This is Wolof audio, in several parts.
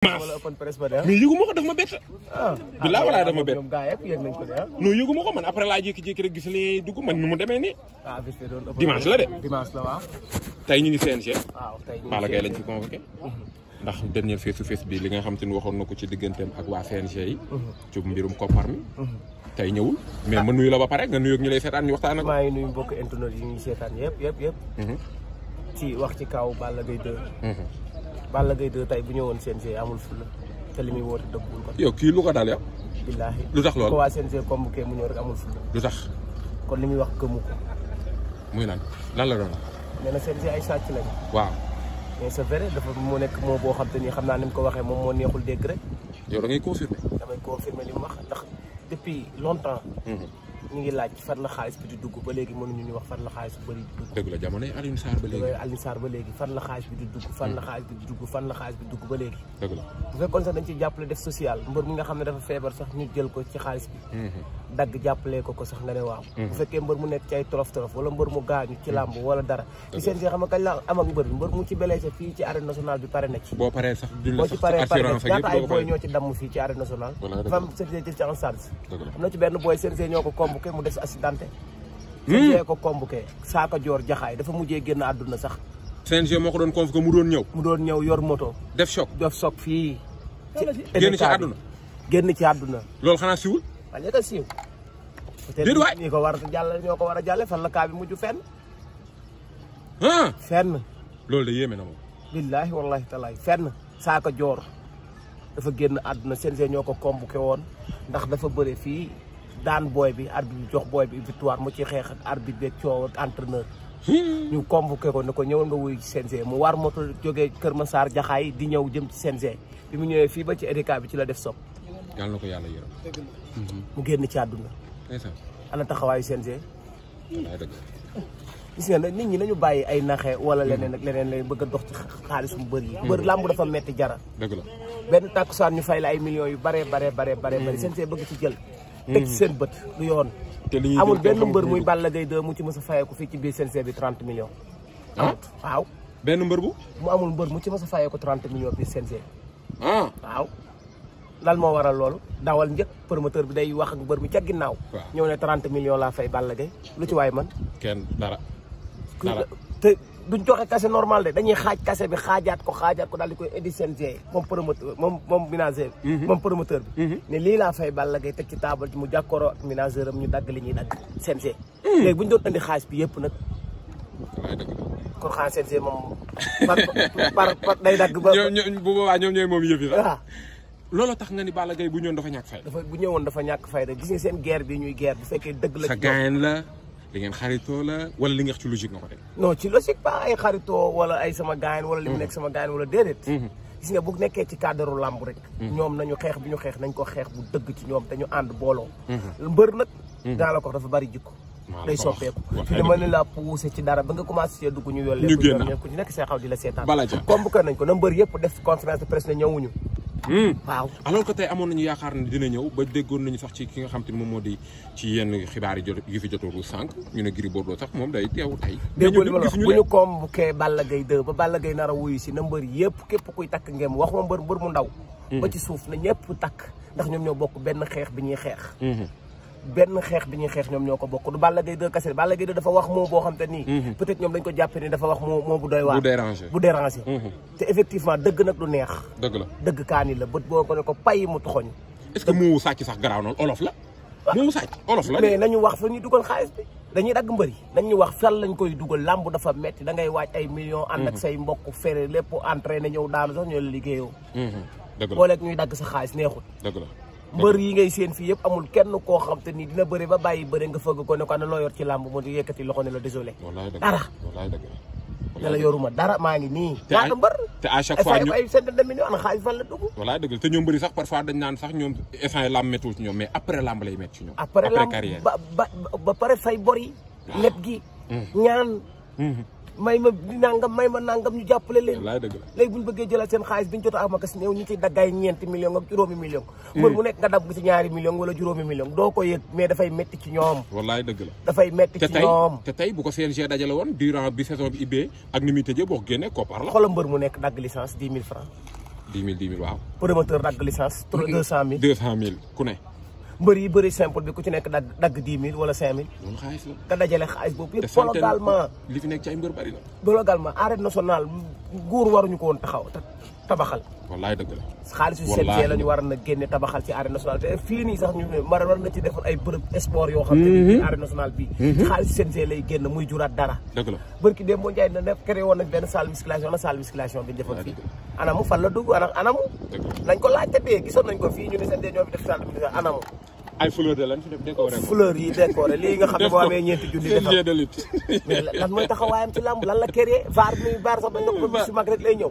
Ah? mais yëguma ko daf ma bett ah. bilaa walaay daf ma bett ah? non yëguma ko man après laa jékki-jékki rek gis li dugg man ni mu demee nii dimanche la de tey ñu ngi CNG Balla Gaye lañ fi convoqué mhm. ndax dernier face to face bi li nga xam te ni waxoon na ko ci digganteem ak waa CNG yi mhm. ci mbirum koppar mi mhm. tey ñëwul mais ma nuyu la ba pare nga nuyu ak ñu lay seetaan ñu waxtaan ak maa ngi nuyu mbokk internet yi ñuy wax ci kaw Balla Gaye 2 Balla Gaye 2 tey bu ñëwoon CNG amul fula te li muy woote dëggul ko. yow kii lu ko daan yow. billaahi lu tax loolu ko waa CNG convoqué mu ñëw rek amul fula. lu tax. kon li muy wax gëmu ko. muy lan lan la doon. nee na CNG ay sàcc lañ. waaw. mais c'est vrai dafa moo nekk moo boo xam te ni xam naa ni mu ko waxee moom moo neexul dégg rek. yow da ngay confirmer. damay confirmer li mu wax ndax depuis longtemps. Mhm. ñu ngi laaj fan la xaalis bi di dugg ba léegi mënuñu ñu wax fan la xaalis bu bëri di dugg. dëgg la jamono yi Alioune Sarr ba léegi. Alioune Sarr ba léegi fan la xaalis bi di dugg. fan la hmm. xaalis bi di dugg fan la xaalis bi di dugg ba léegi. dëgg la bu fekkoon sax dañ ci jàppale def social mbër mi nga xam ne dafa feebar sax ñu jël ko ci xaalis bi. Hmm. dagg jàppalee ko ko sax nga ne waaw. Hmm. bu fekkee mbër mu nekk ci ay torof torof wala mbër mu gaañu ci làmb wala dara. ci seen si xam nga kañ la am ak mbër bi mbër mu ci blessé fii ci arène nationale bi pare na ci. boo paree sax duñ la sax assurance ak yëpp boo paree ñoo ci damm fii ci arène nationale. dafa am certificat ci en charge. dëgg la am na ci benn booy CNG ñoo ko kombuke mu des accidenté hmm. ko kombuke saaka joor jaxaay dafa mujjee génn àdduna sax CNG moo ko doon convoqué mu doon ñëw mu doon ñëw yor def choc def choc fii génn ci àdduna génn ci àdduna loolu xanaa siwul waa léegi siiw déet waay ko war a ñoo ko war a jàlle fan la kaa bi mujj fenn fenn loolu de yéeme na moom billaahi wallaahi talaay fenn saaka joor dafa génn àdduna CNG ñoo ko convoqué woon ndax dafa bëre fii daan booy bi arbitre bi jox booy bi victoire mu ci xeex ak arbitre beeg coow ak ñu convoqué ko ne ko ñëwal nga wuy ci CNG mu war moto jógee Kër Massar Jaxaay di ñëw jëm ci CNG bi mu ñëwee fii ba ci EDK bi ci la def sopp yàlla na ko yàlla yërëm. Mhm. mu génn ci àdduna. ana taxawaayu CNG. gis nga nit ñi nañu bàyyi ay naxe wala mhm. leneen ak leneen lañ bëgg a dox ci xaalis mu bëri yi mhm. bëri làmb dafa metti jara dëgg la benn tàkkusaan ñu fay la ay millions yu bare bare bare bare bëri CNG bëgg ci jël teg seen bët du yoon amul benn mbër muy Balla gay 2 mu ci mës a fayeeku fii ci biir CNG bi 30 millions amut ah? waaw benn mbër bu mu amul mbër mu ci mës a fayeeku 30 millions biir CNG ah. waaw lan moo waral loolu dawal njëkk promoteur bi day wax ak mbër mi ca ginnaaw ñëw ne 30 millions laa fay Balla Gaye lu ci waay man kenn dara te duñ joxe kase normal de dañuy xaj kase bi xaajaat ko xaajaat ko dal di koy indi seen promoteur mom mom ménageur mhm. mom promoteur bi mhm. né li la fay Balla Gaye tek ci table ci mu jakkoro ak am ñu dag li ñi dag seen jeey mhm. buñ doon andi xaj bi yépp nak ko xaj seen mom par par day dag ba bu ba ñom ñoy mom yëfi la ah. lolo tax nga ni Balla Gaye bu ñëwoon dafa ñak fay dafa bu ñewon dafa ñak fay rek gis nga seen guerre bi ñuy guerre bu fekke deug la sa gain la li ngeen xaritoo la wala li nga wax ci logique nga ko teg ci logique pas ay xaritoo wala ay sama gaayan wala li mu mm-hmm. nekk sama gaayan wala déedéet mm-hmm. si nga bu nekkee ci cadre làmb rek mm-hmm. ñoom nañu xeex bu ñu xeex nañ ko xeex bu dëgg ci ñoom te ñu ànd booloo mbër nag daa la ko dafa bari jikko day soppeeku fi ne mën la poussé ci dara ba nga commencé see dugg ñu yollee ku ci nekk see xaw di la seetaan comme bu ko nañ ko na mbër yëpp def conférence de presse ñëwuñu Hmm. waaw alors que tey amoon nañu yaakaar ne dina ñëw ba déggoon nañu sax ci ki nga xam te moom moo di ci yenn xibaar yi fi yu fi jotoon sànq ñu ne giri Gris Bordeaux sax moom day teew tey déggoo li ma wax bu ñu convoqué Balla Gaye 2 ba Balla Gaye nar a wuyu si na mbër yëpp képp kuy takk ngem wax ma mbër mbër mu ndaw hmm. ba ci suuf na ñëpp takk ndax ñoom ñoo bokk benn xeex bi ñuy xeex hmm. benn xeex bi ñuy xeex ñoom ñoo ko bokk du Balla Gaye 2 kase Balla Gaye 2 dafa wax moo boo xam te nii mhm. peut être ñoom dañ ko jàppe ni dafa wax moo moo bu doy waar bu dérangé mhm. te nag du neex dëgg la dëgg kaani la bët boo ko ko pay mu toxoñ est-ce que mu sàcc sax garaaw noonu olof la ah. mu sàcc olof la mais nañu wax fa ñuy dugal xaalis bi dañuy dagg mbëri nañu wax fan lañ koy dugal làmb dafa metti da ngay waaj ay millions ànd ak mhm. say fere lépp entraîné ñëw daanu sax ñoo la liggéeyoo dëgg la booleeg ñuy dagg sa xaalis neexut dëgg la mbër yi ngay seen fii yëpp amul kenn koo xam te ni dina bëri ba bàyyi bëri nga fëgg ko ne ko ana loo yor ci làmb mu di yëkkati loxo ne la désolé dara ne la yoruma dara maa ngi nii ñaata mbër te à chaque fois ñu ay centaine de millions ana xaalis fan la dugg te ñoom bëri sax parfois dañ naan sax ñoom instant yi làmb méttiwul ci ñoom mais après làmb lay métti ci ñoom après làmb ba ba ba pare fay bor yi ah. gi mm. ñaan mm-hmm. may ma nangam may ma nangam ñu jàppale leen léegi bu ñu bëggee jëlal seen xaalis bi ñu jot a amagasine yow ñu ciy daggaay ñeenti million ak juróomi million hmm. mbër mu nekk nga dab ci ñaari million wala juróomi million doo ko yëg mais dafay metti ci ñoom wallaay dëgg la dafay metti ci ñoom te tey bu ko CNG dajale woon durant bi saison bi ak ni muy boo génnee koppar la xoolal mbër mu nekk dagg licence dix mille francs dix mille mbër yi bëri simple bi ku ci nekk dagg dagg dix mille wala cinq mille. loolu xaalis la nga dajale xaalis boobu yëpp. globalement li fi nguur waruñu ko woon taxaw tabaxal. wallaay dëgg la. xaalisu CNG la ñu war na génne tabaxal ci arène nationale te fii nii sax ñu war war na ci defoon ay bërëb sport yoo xam ne nii mhm. arène nationale bii. Mhm. xaalisu CNG lay génn muy juraat dara. dëgg la barki dem boo Ndiaye na ne créé woon nañ benn salle bi ñu fii. anamu fan la dugg anamu. nañ ko laajte gisoon nañ ko fii ay fleur de lan fi def décoré fleur yi décoré lii nga xam ne boo lan mooy taxawaayam ci làmb lan la mag rek lay ñëw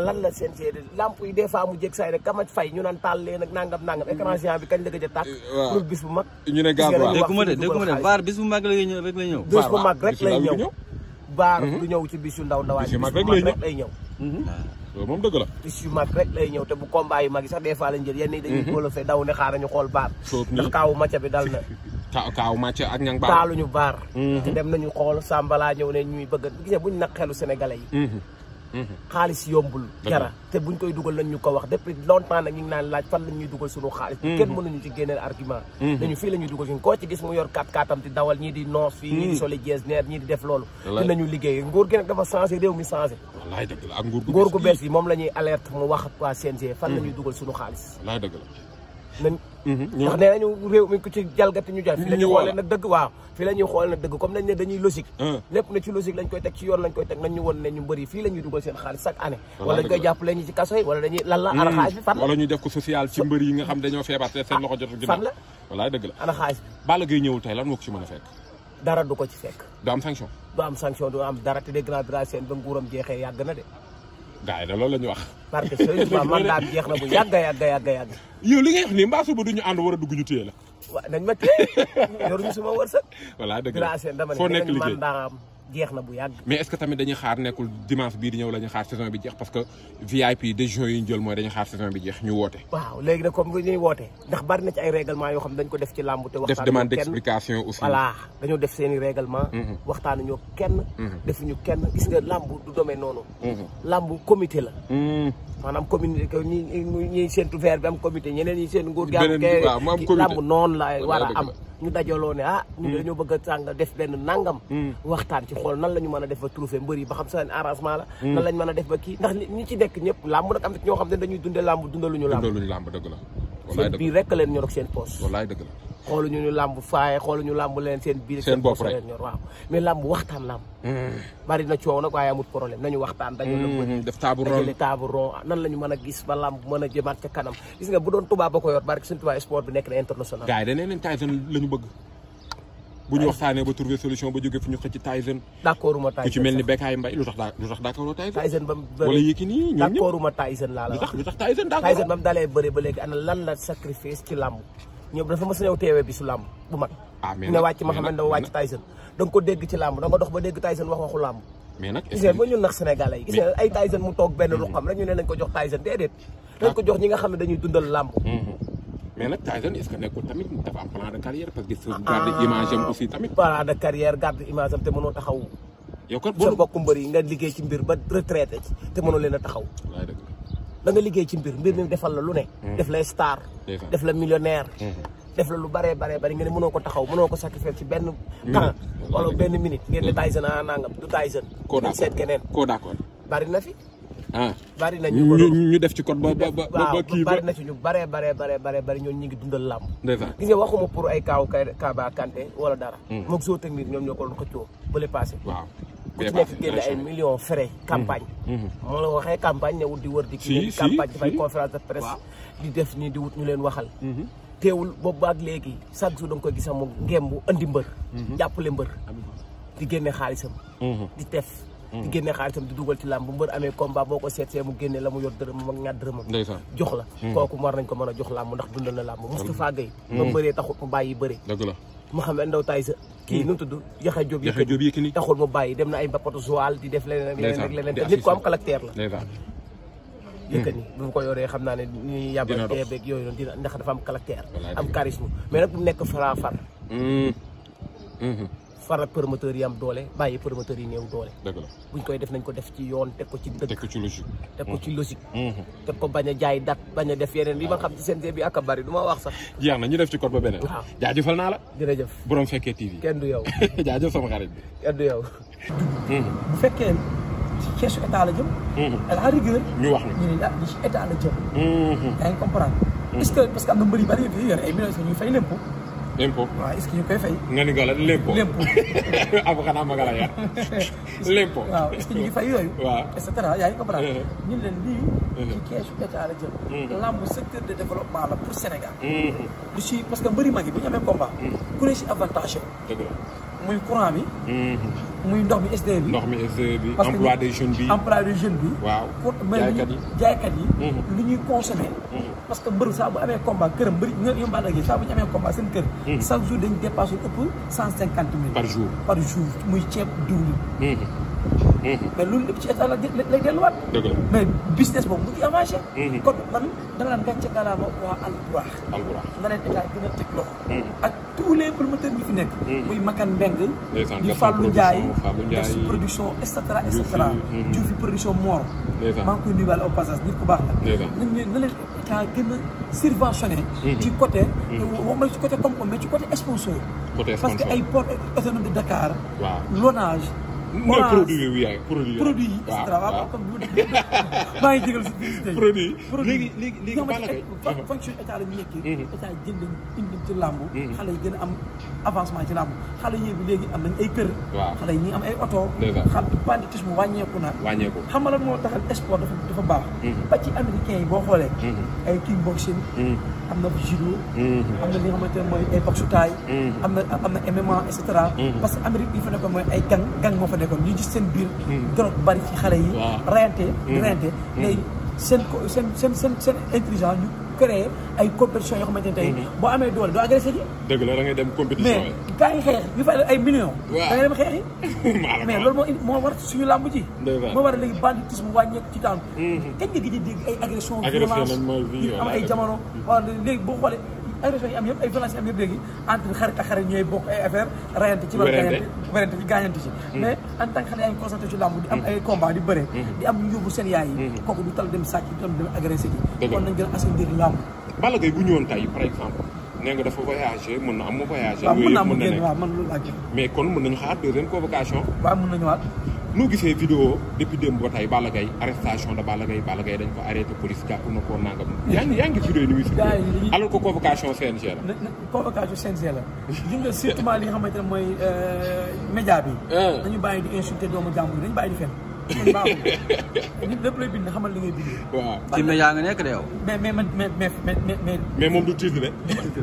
lan la seen seede lamp des fois mu jég saay rek kamaj fay ñu naan taal leen ak nangam nangam écran mm. géant a tàkk eh, pour bis bu mag ñu ne gaab waaw dégguma de dégguma de vaar bis bu mag lay ñëw yu ndaw ndawaan bis bu mag rek lay ñëw loolu moom dëgg la mag rek lay ñëw te bu combat yu mag yi sax des fois lañ jël yenn yi dañuy mhm. golofé daw ne xaar nañu xool baar ndax kaaw macca bi dal na kaaw macca ak ñang baar taaluñu baar mhm. dem ñu xool sambala ñëw ne ñuy bëgg gis buñ nag xelu sénégalais yi mhm. Mhm. xaalis yombul dara te buñ koy dugal lañ ñu ko wax depuis longtemps nag ñu ngi naan laaj fan la ñuy dugal suñu xaalis mhm. kenn mënuñu di génne argument dañu mhm. fii la ñuy dugal suñu koo ci gis mu yor kat katam di dawal ñii di noos fii ñii di soli jees neer ñii di def loolu dinañu liggéey nguur gi nag dafa changé réew mi changé nguur gu bees yi moom la ñuy alerte mu wax waa CNG fan la ñuy dugal suñu xaalis nañ mhm, ndax nee nañu mi ku ci jalgati ñu jàpp fii la ñuy xoolee nag dëgg comme nañ ne dañuy logique mm. lépp na ci logique lañ koy teg ci won ne ñu bëri fii la dugal seen xaalis chaque année mm. wala ñu ci ko social ci mbër nga xam dañoo feebar seen loxo jotul ginnaaw fan la walaay dëgg la ana xaalis bi ñëwul tey lan moo ci mën a fekk dara du ko ci fekk du am sanction du am sanction du am dara te de seen ba nguuram jeexee yàgg de gaa yi de loolu la ñu wax. parce que sëriñ Tuubaa mandat bi jeex na bu yàgg yàgg yàgg yàgg. yow li ngay wax nii mbaa suba du ñu ànd war a dugg ñu téye la. waaw nañ ma téye yoruñu suma wërsëg. voilà dëgg la foo nekk liggéey jeex na bu yàgg. mais est-ce que tamit dañuy xaar nekkul dimanche bii di ñëw la xaar saison bi jeex parce que VIP décision yi ñu jël mooy dañuy xaar saison bi jeex ñu woote. waaw léegi nag comme ñuy woote ndax bari na ci ay règlement yoo xam dañ ko def ci làmb def demande d'explication aussi. voilà def seen i règlement. Mhm. waxtaanuñoo kenn. Mhm. defuñu kenn gis nga du demee noonu. Mhm. làmb comité la. maanaam communauté que ñi ñuy séntu vert bi am comité ñeneen ñi seen nguur gi am kay làmb la war a am ñu dajaloo ne ah ñu hmm. dañoo bëgg a sàng def benn nangam hmm. waxtaan ci xool nan la ñu mën a def ba trouver mbër yi ba xam seen arrangement la hmm. nan lañ mën a def ba kii ndax ñi ci nekk ñëpp làmb nag am ñoo xam ne dañuy dunde làmb dundaluñu làmb dundaluñu làmb dëgg la seen biir rek leen ñor seen poos wallaay dëgg la xooluñu ñu làmb faaye xooluñu làmb leen seen biir seen bopp rek leen ñor waaw mais làmb waxtaan làmb hmm. bari na coow nag waaye amut problème nañu waxtaan dañu hmm, lëmbal hmm, def table ronde table nan la ñu mën a gis ba làmb mën a jëmaat ca kanam gis nga bu doon tubaab ba ko yor barke suñu tubaab sport bi nekk na international gars yi dañ leen Tyson la ñu bëgg bu ñu waxtaanee ba trouver solution ba jóge fu ñu xëcc ci mel ni Bekay ba mu bëri wala ba léegi ana lan la sacrifice ci làmb ñoom dafa mos a ñëw teewee bi su làmb bu mag. ah wàcc ma xam ne dama wàcc Tyson. da ko dégg ci làmb da nga dox ba dégg Tyson wax waxu làmb. mais nag est ce que ba ñun nag Sénégalais yi. gis ay Tyson mu toog benn lu xam rek ñu ne nañ ko jox Tyson déedéet. nañ ko jox ñi nga xam ne dañuy dundal làmb mm-hmm. mais na Tyson est tamit dafa am plan de carrière parce que. sauvegarde ah, image am aussi tamit. plan de carrière garde image am te mënoo taxaw. yow kat boo yi nga liggéey ci mbir ba retraité ci te mënoo leen a taxaw. da nga liggéey ci mbir mbir mi defal la lu ne. Hmm. def la star. def la millionnaire. Hmm. def la lu baree baree bari nga ne mënoo ko taxaw mënoo ko sacrifier ci benn hmm. temps wala benn minute ngeen ne Tyson a ah, nangam du Tyson. koo d'accord seet keneen. koo d'accord bari na fi. ah bari na ñu def ci code ba ba ba kii bari na ci ñu bare bare bare bare bare ñoom ñu ngi dundal làmb gis nga waxuma pour ay kaaw Kaba Kanté wala dara hmm. mook zoo technique ñoom ñoo ko doon xëccoo bële passé waaw ku ci nekk ay millions frais hmm. campagne hmm. moo la waxee campagne ne wut di wër di kii campagne dafay conférence de presse di def nii di wut ñu leen waxal teewul boobu baag léegi chaque jour da nga gis mu ngemb andi mbër jàppale mbër di génne xaalisam di def di génne xaalisam di dugal ci làmb bu mbër amee combat boo ko seetsee mu génne la mu yor dërëm ak ñaar dërëmam jox la hmm. kooku war nañ ko mën a jox làmb ndax na làmb hmm. Moustapha Gueye hmm. ba bëree taxut mu bàyyi bëree dëgg la Mouhamed Ndaw Tyson kii nu mu tudd Yaxa Jóob Yékini taxul mu bàyyi dem na ay mbappatu Joal di def leneen ak leneen ak leneen te nit ko am bu mu ko yoree xam naa ne ñuy yàbbal teebeeg yooyu noonu dina ndax dafa am caractère am charisme mais nag bu nekk fara far faral promoteur yi am doole bàyyi promoteur yi néew doole. dëgg la buñ def nañ ko def ci yoon teg ko ci dëgg. teg ko ci logique. teg ko ci mm-hmm. logique. Mm-hmm. teg ko bañ a jaay dat bañ a def yeneen li xam ci CNG bi ak a bari du ma wax sax. jeex na ñu def ci code ba beneen. waaw jaajëfal naa la. jërëjëf borom fekkee TV. kenn sama xarit bi. kenn du yow. Mm-hmm. bu fekkee ci keesu état la jëm. à ah, ci état la jëm. yaa ngi comprendre. est-ce ñu fay lempo l'impôt waaw est-ce que ñu koy fay. nga ni ko la l'impôt am xanaa ma gën a waaw est-ce que ñu ngi fay yooyu. waaw et cetera yaa ngi comprendre. Uh-huh. ñu leen lii. Uh-huh. ci keesu état la jël. Uh-huh. lamb secteur de développement la pour Sénégal. lu si parce que mbëri mag yi bu ñu amee combat. ku ne avantage muy courant bi. muy ndox mi SDE bi. ndox mi SDE bi emploi des jeunes bi. emploi des jeunes bi. waaw jaaykat yi jaaykat ñuy consommer. parce que mbër saa bu amee combat këram bëri ñoom Balla Gaye saa bu ñu amee combat seen kër hmm. chaque jour dañ dépassé ëpp cent cinquante mille par jour muy ceeb diwlin hmm. Hmm. mais loolu lépp ci état la lay delluwaat mais business boobu mu ngi avancé kon man dama naan gàcce galaama waa Alburax Alburax nga leen état gën a teg loxo tous les promoteurs bi fi nekk. Hmm. muy Makan Mbengue. di Fallou Ndiaye des production et cetera et cetera. Diouf hmm. production Mor. maa ngi koy nuyuwaale au nit ku baax la. nañ leen na leen état gën a subventionné. Hmm. ci côté. waxumala ci côté koom-koom mais ci côté sponsor. parce que ay port autonome de Dakar. waaw mooy produit yi yaay produit yi. produit yi waaw maa ngi jégal si publicité yi. produit yi léegi léegi léegi Balla Gaye uh-huh. ñu nekkee. Mm-hmm. état jënd indi ci mm-hmm. a am avancement ci làmb xale yi léegi la na. wàññeeku moo taxal sport baax. Mm-hmm. ba ci américain yi boo xoolee. ay kickboxing. am na judo. am na li nga xamante ne mooy ay boxu am na am et cetera. parce que Amérique bi fa ay gang gang moo fa fa nekkoon ñu gis seen biir. Hmm. drogue bari ci xale yi. waaw reyante hmm. reyante. Hmm. léegi seen seen seen seen seen intelligence ñu créé ay compétition yoo xamante ne tey. boo amee doole doo agressé ji. dëgg la da mais gaa mais loolu moo moo war suñu làmb ji. moo war léegi banditisme wàññeeku ci temps. kañ di dégg ay agression violence am ay jamono waaw boo xoolee. ay régions yi am yëpp ay villages yi am yëpp léegi entre xarit ak xarit ñooy bokk ay affaire rayante ci wala werante ci mm-hmm. mais en xale yaa ngi concentré ci làmb di am mm-hmm. ay combat di bëre mm-hmm. di am ñu yóbbu seen yaay yi kooku du tal dem sàcc du tal dem agressé ji kon nañ gën a assainir làmb Balla Gaye bu ñëwoon tey par exemple nee nga dafa voyagé mën na am mu voyagé. waaw mën na am man loolu laa mais kon mën nañu xaar deuxième convocation. waaw na nañu waat. noo gisee vidéo depuis démb ba tey Balla Gaye arrestation de Balla Gaye Balla Gaye dañ ko arrêté police jàpp na ko nangam. yaa ngi yaa ngi gis vidéo yi ni muy circulé alors que la. na euh, dañu ah. bàyyi di insulté doomu jàmbur dañu bàyyi di fenn. man baaxul nit lépp lay bind xamal li ngay bind. waaw ci mais yaa nga nekk de yow. mais mais man mais mais mais. mais moom du titre de.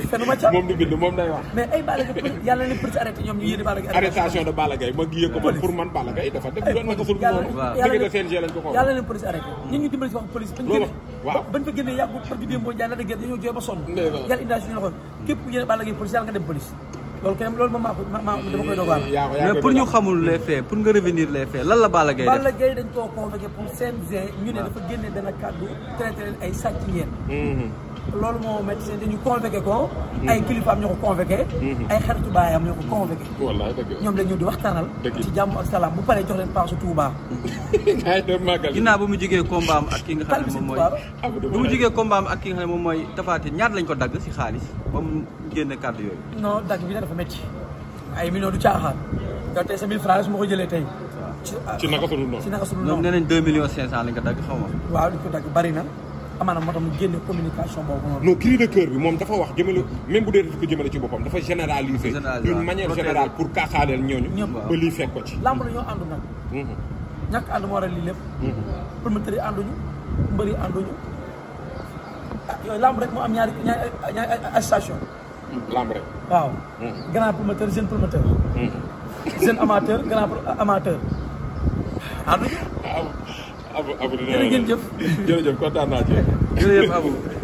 titre moom du bind moom day wax. mais ay Balla Gaye yàlla na leen peut arrêté ñoom ñu yéene Balla Gaye. arrêtation de Balla Gaye ma yëg ko man pour man Balla Gaye dafa def doon naka sul noonu. waaw diggante CNG lañ ko xool. yàlla na leen police arrêté. ñun ñu dimbali ci wax police. loolu waaw bañ fa génnee yàggu par bi démb boo jaay la da ngeen dañoo jooy ba sonn. yàlla indaas ñu la xool képp ku yéene Balla Gaye police yàlla nga dem police loolu kay loolu moom maa ko maa dama koy dogal. mais pour ñu xamul les faits pour nga revenir les faits lan la Balla Gaye def Balla Gaye dañ koo convoqué pour CNG ñu ne ah. dafa génne dana kàddu traité leen ay sàcc ngeen mm-hmm. loolu moo médecin dañu convoqué ko. ay kilifaam ñoo ko convoqué. Mhm. ay xaritu baayam ñoo ko convoqué. wallaay dëgg ñoom dañu di waxtaanal. ci jàmm ak salaam bu paree jox leen paasu Touba. ay dem mu jigee combat am ki nga xam ne moom mooy. moom mooy tafaati ñaar lañ ko dagg si xaalis ba yooyu. non dagg bi dafa métti ay millions du caaxaan. yow tey sa 1000 francs su ma ko jëlee dagg xaw na amaana moo tax mu génne communication boobu noonu. non cri de cœur bi moom dafa wax jëmale même bu dee daf ko jëmale ci boppam dafa généraliser. généraliser d'une manière générale pour kaaxaaleel ñooñu. ñëpp ba lii fekk ko ci. làmb la ñoo àndu nag. Mhm. ñàkk ànd moo waral lii lépp. Mhm. promoteur yi ànduñu mbër yi ànduñu ah, rek am ñaari ñaari mhm. rek. waaw. grand promoteur jeune promoteur. jeune amateur grand amateur. Ah, Abou Abou jërëjëf kontaan naa ci jërëjëf Abou